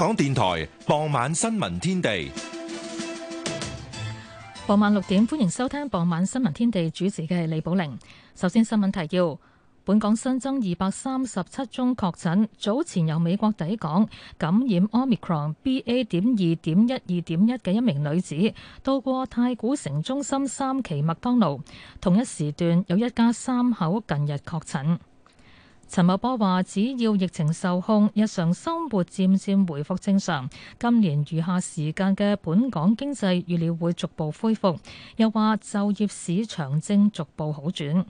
港電台傍晚新聞天地，傍晚六點歡迎收聽傍晚新聞天地，主持嘅李寶玲。首先新聞提要：本港新增二百三十七宗確診，早前由美國抵港感染 Omicron BA.2.12.1 嘅一名女子，到過太古城中心三期麥當勞，同一時段有一家三口近日確診。陳茂波話：只要疫情受控，日常生活漸漸回復正常，今年餘下時間嘅本港經濟預料會逐步恢復。又話就業市場正逐步好轉。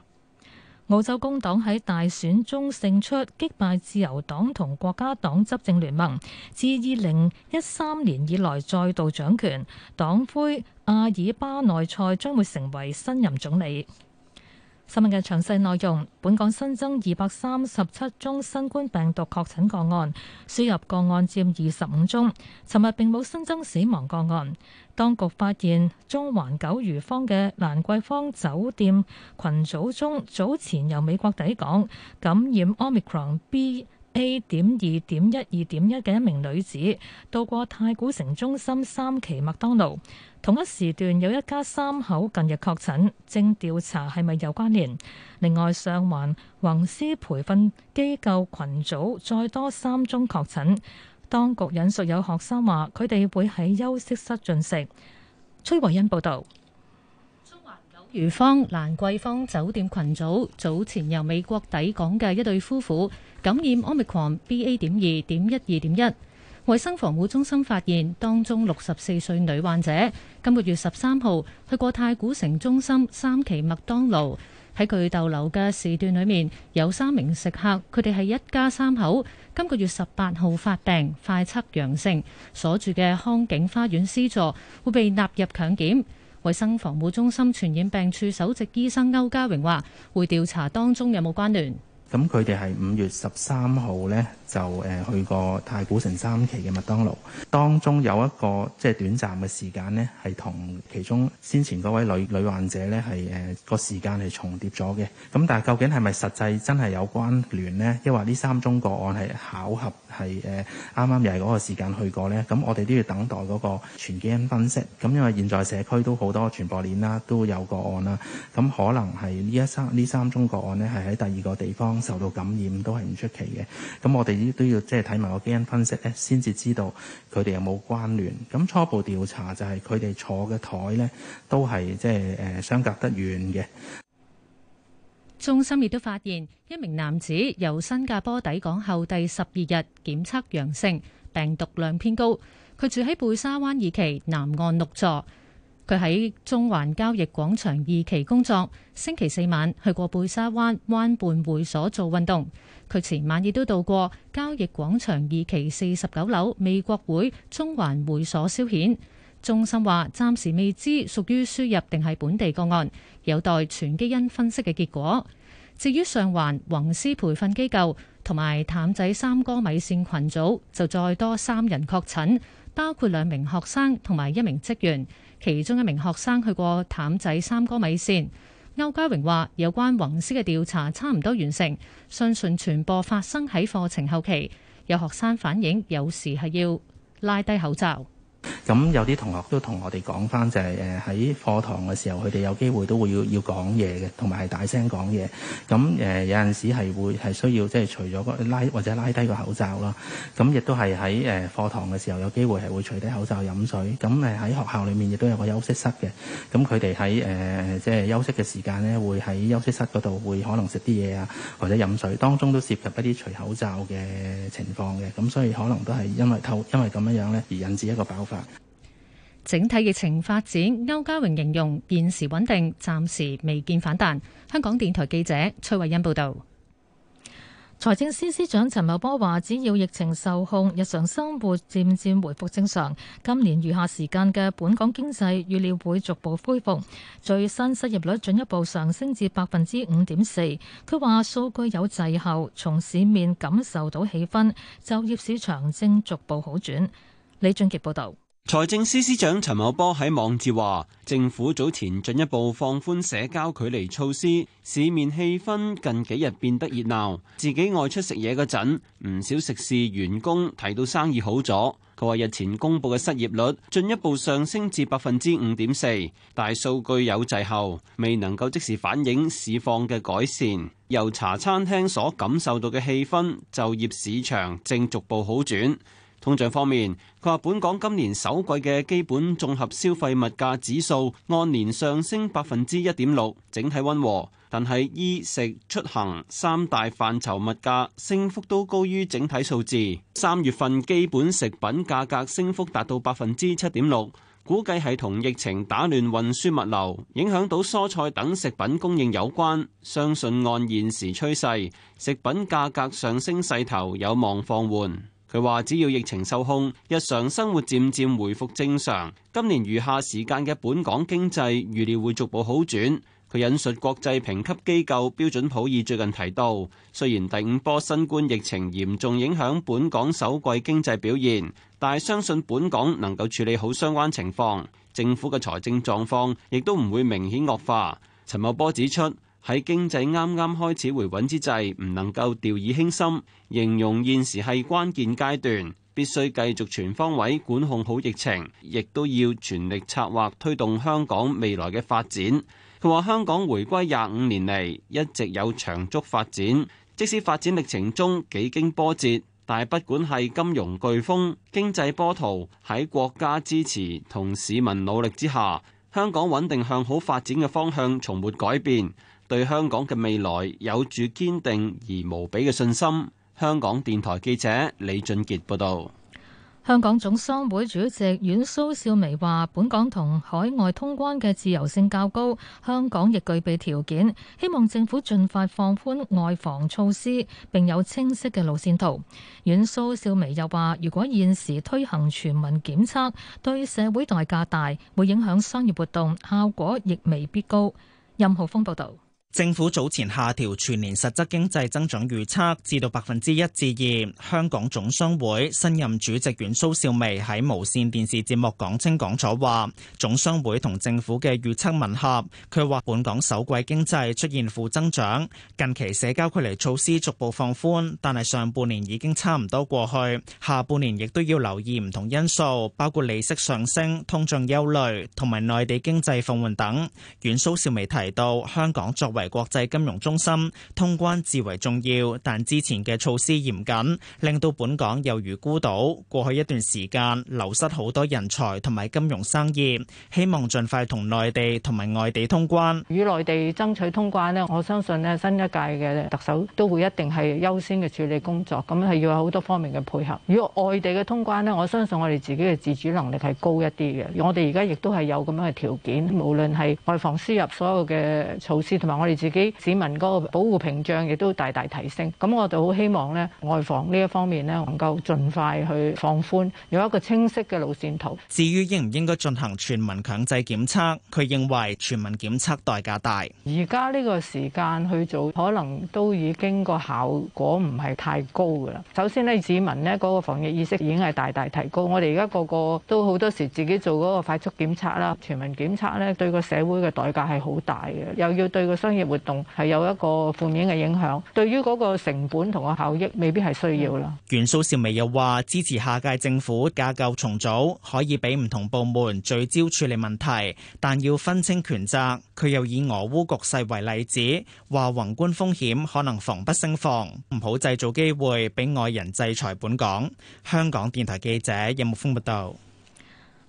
澳洲工黨喺大選中勝出，擊敗自由黨同國家黨執政聯盟，自二零一三年以來再度掌權。黨魁亞爾巴內塞將會成為新任總理。新聞嘅詳細內容，本港新增二百三十七宗新冠病毒確診個案，輸入個案佔二十五宗。尋日並冇新增死亡個案。當局發現中環九如坊嘅蘭桂坊酒店群組中，早前由美國抵港感染 Omicron B。A. 點二點一二點一嘅一名女子到過太古城中心三期麥當勞，同一時段有一家三口近日確診，正調查係咪有關聯。另外，上環橫獅培訓機構群組再多三宗確診，當局引述有學生話，佢哋會喺休息室進食。崔維恩報道。如芳蘭桂坊酒店群組早前由美國抵港嘅一對夫婦感染 Omicron BA. 點二點一二點一，衛生防護中心發現當中六十四歲女患者今個月十三號去過太古城中心三期麥當勞，喺佢逗留嘅時段裏面有三名食客，佢哋係一家三口，今個月十八號發病，快測陽性，所住嘅康景花園 C 座會被納入強檢。衛生防護中心傳染病處首席醫生歐家榮話：會調查當中有冇關聯。咁佢哋係五月十三號咧，就誒去過太古城三期嘅麥當勞，當中有一個即係短暫嘅時間咧，係同其中先前嗰位女女患者咧係誒個時間係重疊咗嘅。咁但係究竟係咪實際真係有關聯咧？抑或呢三宗個案係巧合係誒啱啱又係嗰個時間去過咧？咁我哋都要等待嗰個全基因分析。咁因為現在社區都好多傳播鏈啦，都有個案啦，咁可能係呢一三呢三宗個案咧係喺第二個地方。受到感染都係唔出奇嘅。咁我哋呢都要即係睇埋個基因分析咧，先至知道佢哋有冇關聯。咁初步調查就係佢哋坐嘅台咧都係即係誒相隔得遠嘅。中心亦都發現一名男子由新加坡抵港後第十二日檢測陽性，病毒量偏高。佢住喺貝沙灣二期南岸六座。佢喺中環交易廣場二期工作，星期四晚去過貝沙灣灣畔會所做運動。佢前晚亦都到過交易廣場二期四十九樓美國會中環會所消遣。中心話暫時未知屬於輸入定係本地個案，有待全基因分析嘅結果。至於上環宏斯培訓機構同埋譚仔三哥米線群組，就再多三人確診，包括兩名學生同埋一名職員。其中一名學生去過譚仔三哥米線。歐家榮話：有關宏斯嘅調查差唔多完成，相信傳播發生喺課程後期，有學生反映有時係要拉低口罩。咁有啲同學都同我哋講返，就係誒喺課堂嘅時候，佢哋有機會都會要要講嘢嘅，同埋係大聲講嘢。咁誒、呃、有陣時係會係需要即係除咗個拉或者拉低個口罩啦。咁亦都係喺誒課堂嘅時候有機會係會除低口罩飲水。咁誒喺學校裏面亦都有個休息室嘅。咁佢哋喺誒即係休息嘅時間咧，會喺休息室嗰度會可能食啲嘢啊，或者飲水，當中都涉及一啲除口罩嘅情況嘅。咁所以可能都係因為透因為咁樣樣咧而引致一個爆發。整體疫情發展，歐家榮形容現時穩定，暫時未見反彈。香港電台記者崔慧欣報導。財政司司長陳茂波話，只要疫情受控，日常生活漸漸回復正常，今年餘下時間嘅本港經濟預料會逐步恢復。最新失業率進一步上升至百分之五點四。佢話數據有滯後，從市面感受到氣氛，就業市場正逐步好轉。李俊傑報導。財政司司長陳茂波喺網誌話，政府早前進一步放寬社交距離措施，市面氣氛近幾日變得熱鬧。自己外出食嘢嗰陣，唔少食肆員工提到生意好咗。佢話日前公布嘅失業率進一步上升至百分之五點四，大數據有滯後，未能夠即時反映市況嘅改善。由茶餐廳所感受到嘅氣氛，就業市場正逐步好轉。通脹方面，佢話：本港今年首季嘅基本綜合消費物價指數按年上升百分之一點六，整體溫和，但係衣食出行三大範疇物價升幅都高於整體數字。三月份基本食品價格升幅達到百分之七點六，估計係同疫情打亂運輸物流，影響到蔬菜等食品供應有關。相信按現時趨勢，食品價格上升勢頭有望放緩。佢話：只要疫情受控，日常生活漸漸回復正常，今年餘下時間嘅本港經濟預料會逐步好轉。佢引述國際評級機構標準普爾最近提到，雖然第五波新冠疫情嚴重影響本港首季經濟表現，但係相信本港能夠處理好相關情況，政府嘅財政狀況亦都唔會明顯惡化。陳茂波指出，喺經濟啱啱開始回穩之際，唔能夠掉以輕心。形容現時係關鍵階段，必須繼續全方位管控好疫情，亦都要全力策劃推動香港未來嘅發展。佢話：香港回歸廿五年嚟一直有長足發展，即使發展歷程中幾經波折，但係不管係金融颶風、經濟波濤，喺國家支持同市民努力之下，香港穩定向好發展嘅方向從沒改變。對香港嘅未來有住堅定而無比嘅信心。香港電台記者李俊傑報道。香港總商會主席阮蘇少薇話，本港同海外通關嘅自由性較高，香港亦具備條件，希望政府盡快放寬外防措施，並有清晰嘅路線圖。阮蘇少薇又話，如果現時推行全民檢測，對社會代價大，會影響商業活動，效果亦未必高。任浩峰報道。政府早前下調全年實質經濟增長預測至到百分之一至二。香港總商會新任主席阮蘇少薇喺無綫電視節目講清講楚話，總商會同政府嘅預測吻合。佢話本港首季經濟出現負增長，近期社交距離措施逐步放寬，但係上半年已經差唔多過去，下半年亦都要留意唔同因素，包括利息上升，通脹憂慮同埋內地經濟放緩等。阮蘇少薇提到，香港作為為國際金融中心通關至為重要，但之前嘅措施嚴謹，令到本港猶如孤島。過去一段時間流失好多人才同埋金融生意，希望盡快同內地同埋外地通關。與內地爭取通關咧，我相信咧新一屆嘅特首都會一定係優先嘅處理工作，咁係要有好多方面嘅配合。如果外地嘅通關咧，我相信我哋自己嘅自主能力係高一啲嘅，我哋而家亦都係有咁樣嘅條件，無論係外防輸入所有嘅措施同埋我。自己市民嗰個保護屏障亦都大大提升，咁我哋好希望咧外防呢一方面咧能夠盡快去放寬，有一個清晰嘅路線圖。至於應唔應該進行全民強制檢測，佢認為全民檢測代價大。而家呢個時間去做，可能都已經個效果唔係太高噶啦。首先咧，市民咧嗰個防疫意識已經係大大提高。我哋而家個個都好多時自己做嗰個快速檢測啦，全民檢測咧對個社會嘅代價係好大嘅，又要對個商業。活動係有一個負面嘅影響，對於嗰個成本同個效益，未必係需要啦。袁素兆薇又話：支持下屆政府架構重組，可以俾唔同部門聚焦處理問題，但要分清權責。佢又以俄烏局勢為例子，話宏觀風險可能防不勝防，唔好製造機會俾外人制裁本港。香港電台記者任木峰報道。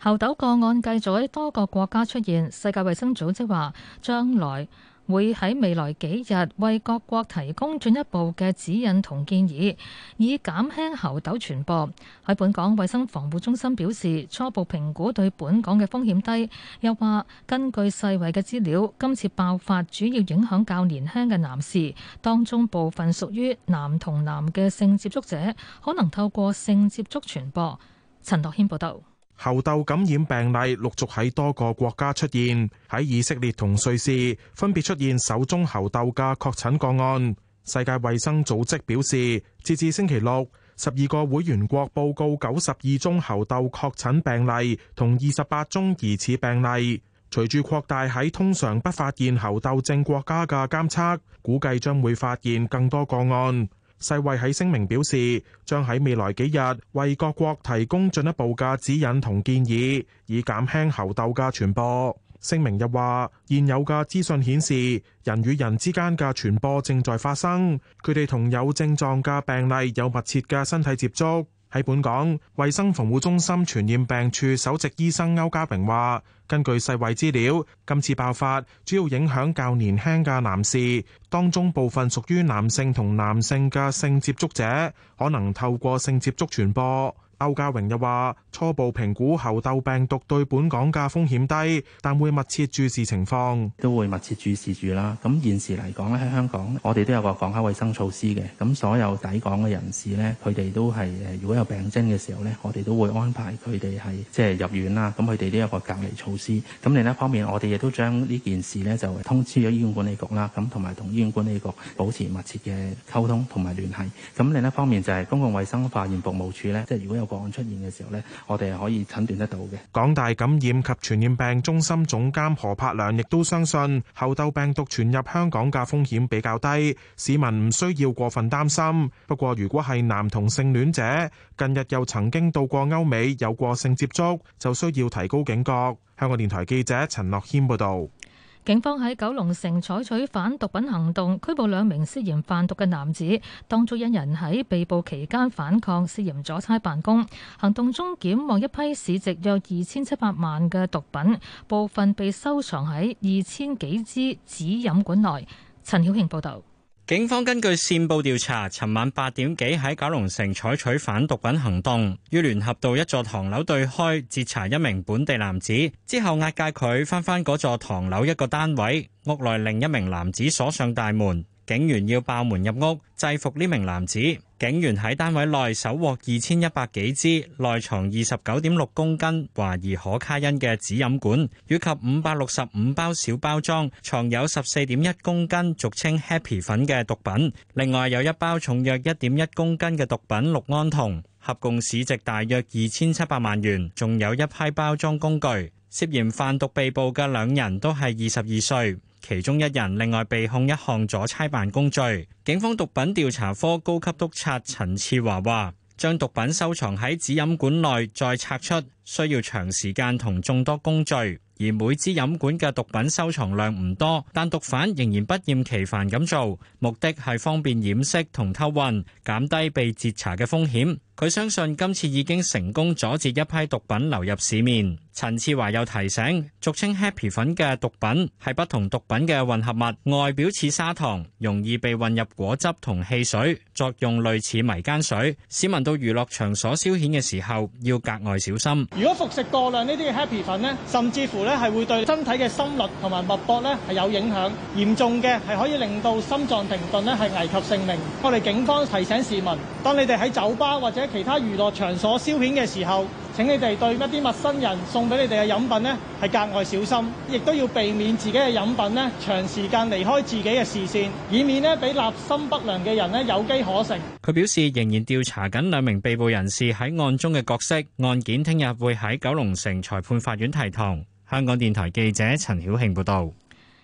猴痘個案繼續喺多個國家出現，世界衛生組織話將來會喺未來幾日為各國提供進一步嘅指引同建議，以減輕猴痘傳播。喺本港，衛生防護中心表示初步評估對本港嘅風險低，又話根據世衞嘅資料，今次爆發主要影響較年輕嘅男士，當中部分屬於男同男嘅性接觸者，可能透過性接觸傳播。陳樂軒報導。猴痘感染病例陸續喺多個國家出現，喺以色列同瑞士分別出現首宗猴痘嘅確診個案。世界衛生組織表示，截至星期六，十二個會員國報告九十二宗猴痘確診病例同二十八宗疑似病例。隨住擴大喺通常不發現猴痘症國家嘅監測，估計將會發現更多個案。世衛喺聲明表示，將喺未來幾日為各國提供進一步嘅指引同建議，以減輕猴痘嘅傳播。聲明又話，現有嘅資訊顯示，人與人之間嘅傳播正在發生，佢哋同有症狀嘅病例有密切嘅身體接觸。喺本港衛生防護中心傳染病處首席醫生歐家榮話，根據世衛資料，今次爆發主要影響較年輕嘅男士，當中部分屬於男性同男性嘅性接觸者，可能透過性接觸傳播。歐家榮又話：初步評估猴痘病毒對本港嘅風險低，但會密切注視情況，都會密切注視住啦。咁現時嚟講咧，喺香港，我哋都有個港口衛生措施嘅。咁所有抵港嘅人士咧，佢哋都係誒，如果有病徵嘅時候咧，我哋都會安排佢哋係即係入院啦。咁佢哋都有個隔離措施。咁另一方面，我哋亦都將呢件事咧就通知咗醫院管理局啦。咁同埋同醫院管理局保持密切嘅溝通同埋聯繫。咁另一方面就係公共衛生化驗服務處咧，即係如果有。個案出現嘅時候呢，我哋係可以診斷得到嘅。港大感染及傳染病中心總監何柏良亦都相信，猴痘病毒傳入香港嘅風險比較低，市民唔需要過分擔心。不過，如果係男同性戀者，近日又曾經到過歐美，有過性接觸，就需要提高警覺。香港電台記者陳樂軒報導。警方喺九龍城採取反毒品行動，拘捕兩名涉嫌販毒嘅男子。當中一人喺被捕期間反抗，涉嫌阻差辦公。行動中檢獲一批市值約二千七百萬嘅毒品，部分被收藏喺二千幾支紙飲管內。陳曉慶報道。警方根據線報調查，尋晚八點幾喺九龍城採取反毒品行動，於聯合道一座唐樓對開截查一名本地男子，之後押解佢返返嗰座唐樓一個單位，屋內另一名男子鎖上大門。警員要爆門入屋制服呢名男子，警員喺單位內搜獲二千一百幾支內藏二十九點六公斤懷疑可卡因嘅紙飲管，以及五百六十五包小包裝藏有十四點一公斤俗稱 Happy 粉嘅毒品，另外有一包重約一點一公斤嘅毒品氯胺酮，合共市值大約二千七百萬元，仲有一批包裝工具，涉嫌販毒被捕嘅兩人都係二十二歲。其中一人另外被控一項阻差辦公罪。警方毒品調查科高級督察陳次華話，將毒品收藏喺止飲管內再拆出，需要長時間同眾多工序。而每支飲管嘅毒品收藏量唔多，但毒販仍然不厭其煩咁做，目的係方便掩飾同偷運，減低被截查嘅風險。佢相信今次已經成功阻截一批毒品流入市面。陳志華又提醒，俗稱 Happy 粉嘅毒品係不同毒品嘅混合物，外表似砂糖，容易被混入果汁同汽水，作用類似迷姦水。市民到娛樂場所消遣嘅時候，要格外小心。如果服食過量呢啲 Happy 粉咧，甚至乎咧，係會對身體嘅心率同埋脈搏咧，係有影響，嚴重嘅係可以令到心臟停頓咧，係危及性命。我哋警方提醒市民，當你哋喺酒吧或者其他娛樂場所消遣嘅時候，請你哋對一啲陌生人送俾你哋嘅飲品呢係格外小心，亦都要避免自己嘅飲品呢長時間離開自己嘅視線，以免呢俾立心不良嘅人呢有機可乘。佢表示仍然調查緊兩名被捕人士喺案中嘅角色，案件聽日會喺九龍城裁判法院提堂。香港電台記者陳曉慶報道。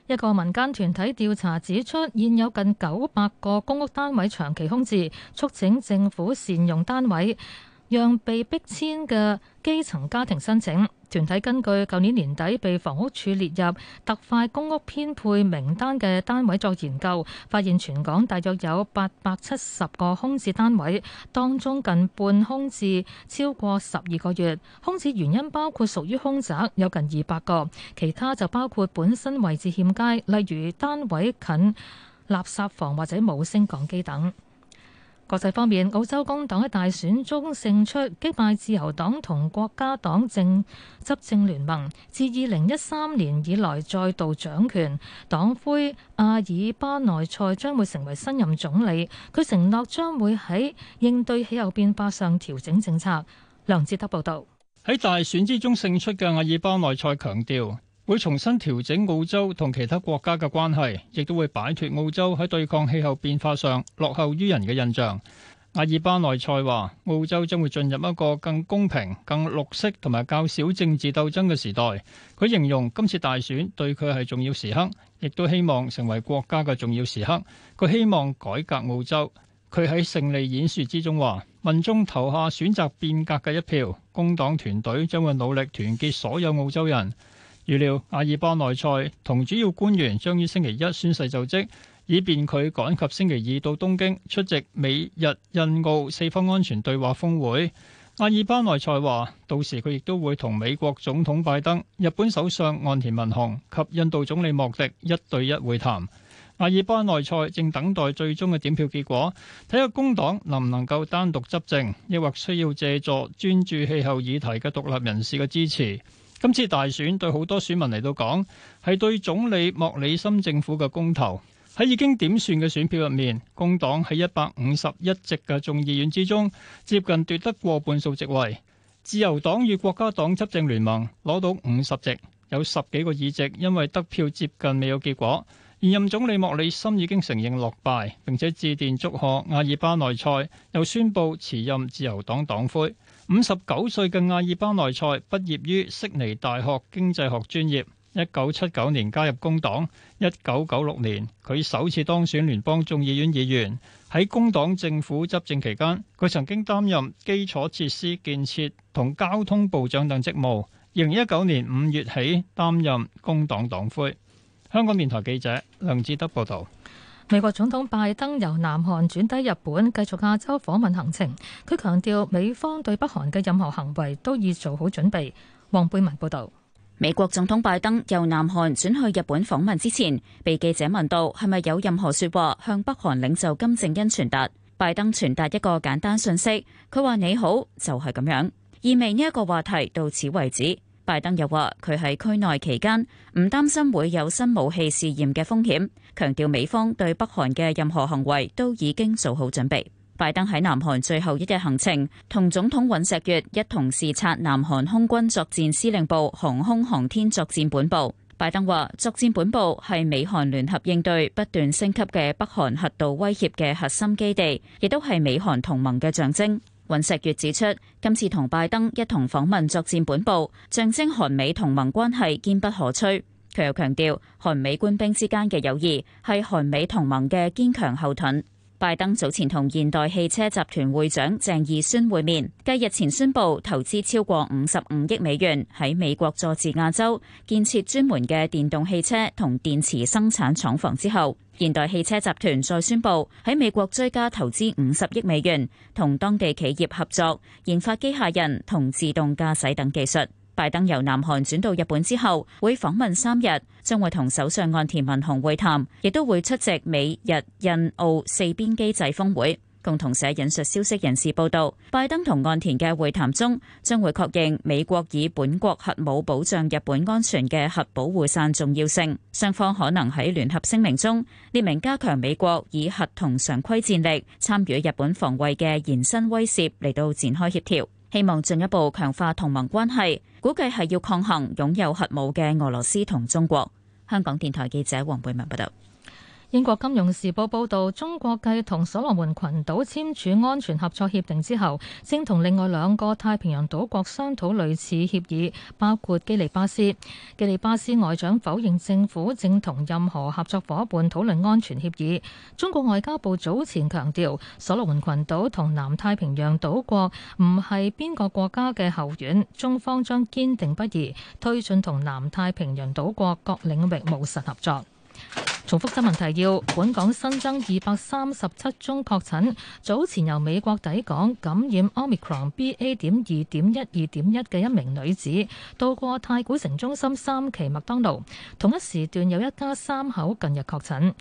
一個民間團體調查指出，現有近九百個公屋單位長期空置，促請政府善用單位，讓被逼遷嘅基層家庭申請。團體根據舊年年底被房屋署列入特快公屋編配名單嘅單位作研究，發現全港大約有八百七十個空置單位，當中近半空置超過十二個月。空置原因包括屬於凶宅，有近二百個，其他就包括本身位置欠佳，例如單位近垃圾房或者冇升降機等。國際方面，澳洲工黨喺大選中勝出，擊敗自由黨同國家黨政執政聯盟，自二零一三年以來再度掌權。黨魁阿爾巴內塞將會成為新任總理，佢承諾將會喺應對氣候變化上調整政策。梁志德報道。喺大選之中勝出嘅阿爾巴內塞強調。會重新調整澳洲同其他國家嘅關係，亦都會擺脫澳洲喺對抗氣候變化上落後於人嘅印象。阿爾巴內塞話：澳洲將會進入一個更公平、更綠色同埋較少政治鬥爭嘅時代。佢形容今次大選對佢係重要時刻，亦都希望成為國家嘅重要時刻。佢希望改革澳洲。佢喺勝利演說之中話：民眾投下選擇變革嘅一票，工黨團隊將會努力團結所有澳洲人。預料阿爾巴內塞同主要官員將於星期一宣誓就職，以便佢趕及星期二到東京出席美日印澳四方安全對話峰會。阿爾巴內塞話：到時佢亦都會同美國總統拜登、日本首相岸田文雄及印度總理莫迪一對一會談。阿爾巴內塞正等待最終嘅點票結果，睇下工黨能唔能夠單獨執政，抑或需要借助專注氣候議題嘅獨立人士嘅支持。今次大選對好多選民嚟到講，係對總理莫里森政府嘅公投。喺已經點算嘅選票入面，工黨喺一百五十一席嘅眾議院之中，接近奪得過半數席位。自由黨與國家黨執政聯盟攞到五十席，有十幾個議席因為得票接近未有結果。現任總理莫里森已經承認落敗，並且致電祝賀亞爾巴內塞，又宣布辭任自由黨黨魁。五十九歲嘅阿爾巴內塞畢業於悉尼大學經濟學專業，一九七九年加入工黨。一九九六年佢首次當選聯邦眾議院議員。喺工黨政府執政期間，佢曾經擔任基礎設施建設同交通部長等職務。二零一九年五月起擔任工黨黨魁。香港電台記者梁志德報道。美國總統拜登由南韓轉抵日本，繼續亞洲訪問行程。佢強調美方對北韓嘅任何行為都要做好準備。黃貝文報道。美國總統拜登由南韓轉去日本訪問之前，被記者問到係咪有任何說話向北韓領袖金正恩傳達？拜登傳達一個簡單訊息，佢話你好就係咁樣，意味呢一個話題到此為止。拜登又話佢喺區內期間唔擔心會有新武器試驗嘅風險，強調美方對北韓嘅任何行為都已經做好準備。拜登喺南韓最後一日行程，同總統尹錫悅一同視察南韓空軍作戰司令部、航空航天作戰本部。拜登話作戰本部係美韓聯合應對不斷升級嘅北韓核導威脅嘅核心基地，亦都係美韓同盟嘅象徵。尹錫悅指出，今次同拜登一同訪問作戰本部，象徵韓美同盟關係堅不可摧。佢又強調，韓美官兵之間嘅友誼，係韓美同盟嘅堅強後盾。拜登早前同現代汽車集團會長鄭義宣會面，繼日前宣布投資超過五十五億美元喺美國佐治亞州建設專門嘅電動汽車同電池生產廠房之後，現代汽車集團再宣布喺美國追加投資五十億美元，同當地企業合作研發機械人同自動駕駛等技術。拜登由南韓轉到日本之後，會訪問三日，將會同首相岸田文雄會談，亦都會出席美日印澳四邊機制峰會。共同社引述消息人士報道，拜登同岸田嘅會談中，將會確認美國以本國核武保障日本安全嘅核保護傘重要性。雙方可能喺聯合聲明中列明加強美國以核同常規戰力參與日本防衛嘅延伸威懾嚟到展開協調。希望進一步強化同盟關係，估計係要抗衡擁有核武嘅俄羅斯同中國。香港電台記者黃貝文報道。英國金融時報報導，中國繼同所羅門群島簽署安全合作協定之後，正同另外兩個太平洋島國商討類似協議，包括基里巴斯。基里巴斯外長否認政府正同任何合作伙伴討論安全協議。中國外交部早前強調，所羅門群島同南太平洋島國唔係邊個國家嘅後院，中方將堅定不移推進同南太平洋島國各領域務實合作。重複新聞提要：本港新增二百三十七宗確診，早前由美國抵港感染 Omicron BA. 點二點一二點一嘅一名女子，到過太古城中心三期麥當勞。同一時段有一家三口近日確診。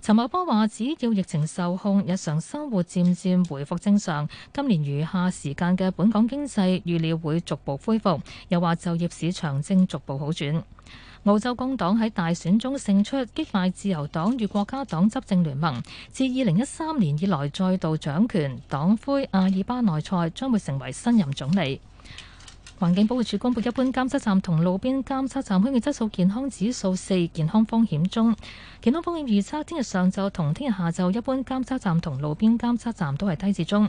陳茂波話：只要疫情受控，日常生活漸漸回復正常，今年餘下時間嘅本港經濟預料會逐步恢復，又話就業市場正逐步好轉。澳洲工黨喺大選中勝出，擊敗自由黨與國家黨執政聯盟，自二零一三年以來再度掌權。黨魁阿爾巴內塞將會成為新任總理。環境保護署公布一般監測站同路邊監測站區嘅質素健康指數四，健康風險中。健康風險預測，聽日上晝同聽日下晝一般監測站同路邊監測站都係低至中。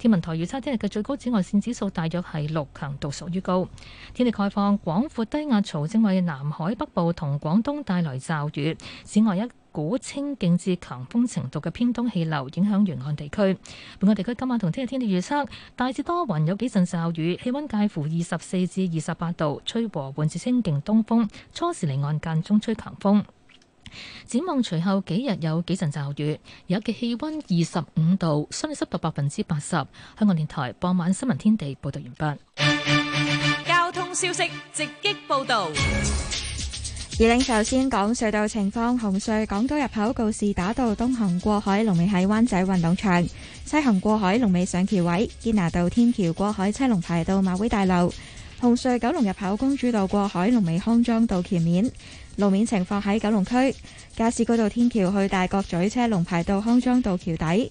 天文台預測聽日嘅最高紫外線指數大約係六強度屬於高。天氣概況廣闊低壓槽正為南海北部同廣東帶來驟雨，此外一。股清勁至強風程度嘅偏東氣流影響沿岸地區。本港地區今晚同聽日天氣預測，大致多雲，有幾陣驟雨，氣温介乎二十四至二十八度，吹和緩至清勁東風，初時離岸間中吹強風。展望隨後幾日有幾陣驟雨，有嘅氣温二十五度，相對濕度百分之八十。香港電台傍晚新聞天地報道完畢。交通消息直擊報導。而令，首先講隧道情況。紅隧港島入口告士打道東行過海龍尾喺灣仔運動場，西行過海龍尾上橋位；堅拿道天橋過海車龍排到馬會大樓。紅隧九龍入口公主道過海龍尾康莊道橋面，路面情況喺九龍區，加士居道天橋去大角咀車龍排到康莊道橋底。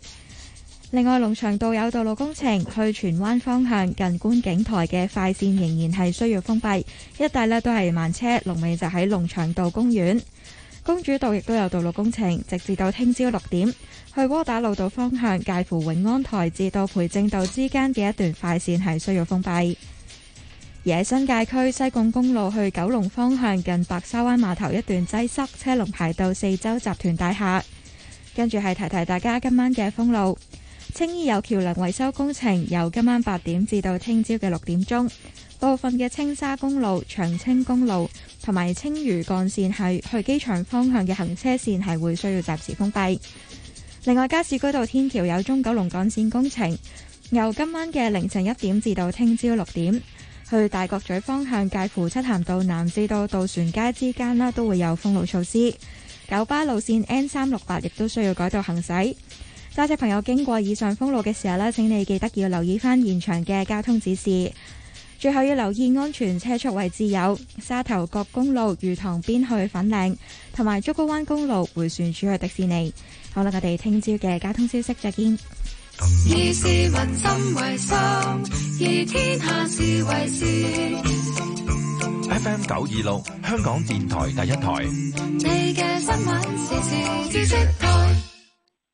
另外，龍翔道有道路工程，去荃灣方向近觀景台嘅快綫仍然係需要封閉，一帶咧都係慢車。龍尾就喺龍翔道公園。公主道亦都有道路工程，直至到聽朝六點，去窩打老道方向介乎永安台至到培正道之間嘅一段快綫係需要封閉。而喺新界區西貢公路去九龍方向近白沙灣碼頭一段擠塞，車龍排到四周集團大廈。跟住係提提大家今晚嘅封路。青衣有橋樑維修工程，由今晚八點至到聽朝嘅六點鐘，部分嘅青沙公路、長青公路同埋青嶼幹線係去機場方向嘅行車線係會需要暫時封閉。另外，加士居道天橋有中九龍幹線工程，由今晚嘅凌晨一點至到聽朝六點去大角咀方向介乎漆咸道南至到渡船街之間啦，都會有封路措施。九巴路綫 N 三六八亦都需要改道行駛。揸車朋友經過以上封路嘅時候呢，請你記得要留意翻現場嘅交通指示，最後要留意安全車速位置，有沙頭角公路魚塘邊去粉嶺，同埋竹篙灣公路回旋處去迪士尼。好啦，我哋聽朝嘅交通消息再見。以市民心為心，以天下事為先。FM 九二六，26，香港電台第一台。你嘅新聞，時時知識台。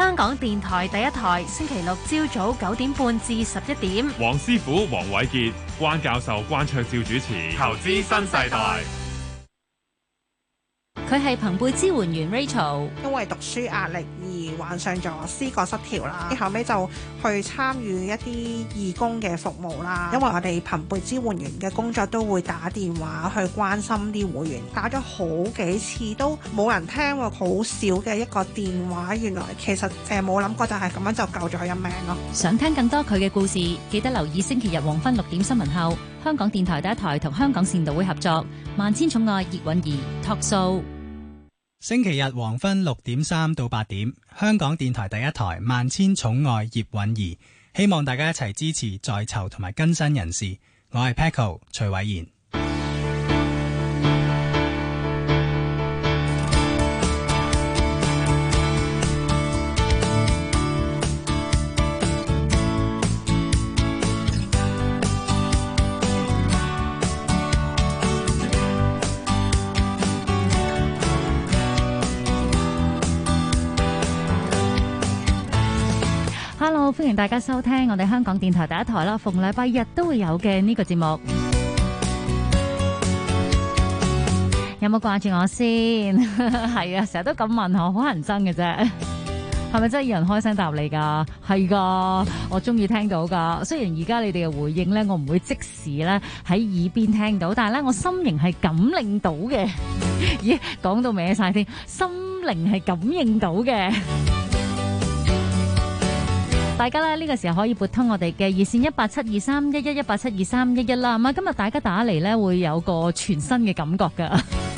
香港電台第一台星期六朝早九點半至十一點，黃師傅、黃偉傑、關教授、關卓照主持，投資新世代。佢係朋輩支援員 Rachel，因為讀書壓力。患上咗思覺失調啦，之後尾就去參與一啲義工嘅服務啦。因為我哋朋輩支援員嘅工作都會打電話去關心啲會員，打咗好幾次都冇人聽喎，好少嘅一個電話。原來其實誒冇諗過，就係咁樣就救咗佢一命咯。想聽更多佢嘅故事，記得留意星期日黃昏六點新聞後，香港電台第一台同香港善導會合作《萬千寵愛》葉允儀 Talk Show。星期日黃昏六點三到八點，香港電台第一台萬千寵愛葉蘊儀，希望大家一齊支持在囚同埋更新人士。我係 Paco 徐偉賢。大家收聽我哋香港電台第一台啦，逢禮拜日都會有嘅呢個節目。 有冇掛住我先？係 啊，成日都咁問我，好人憎嘅啫。係咪真係有人開聲答你噶？係噶，我中意聽到噶。雖然而家你哋嘅回應咧，我唔會即時咧喺耳邊聽到，但係咧，我心靈係感應到嘅。 咦，講到歪晒先，心靈係感應到嘅。 大家咧，呢個時候可以撥通我哋嘅熱線一八七二三一一一八七二三一一啦，咁啊今日大家打嚟咧會有個全新嘅感覺噶。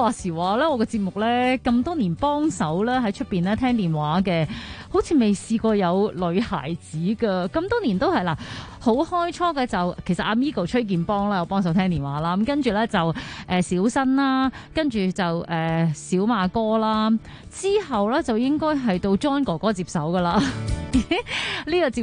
話時話咧，我個節目咧咁多年幫手咧喺出邊咧聽電話嘅，好似未試過有女孩子噶。咁多年都係啦，好開初嘅就其實阿 Migo 崔建邦啦，有幫手聽電話啦。咁跟住咧就誒、呃、小新啦，跟住就誒、呃、小馬哥啦，之後咧就應該係到 John 哥哥接手噶啦。呢 個節。